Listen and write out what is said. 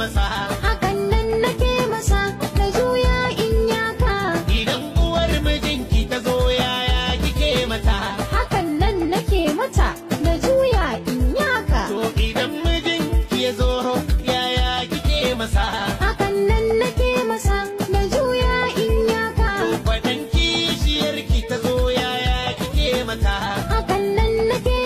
masa hakan nan nake masa na juya in yaka idan uwar mijinki ta zo yaya kike mata hakan nan nake mata na juya in yaka to idan mijinki ya zo yaya kike masa hakan nan nake masa na juya in yaka to kishiyarki ta zo yaya kike mata hakan nan nake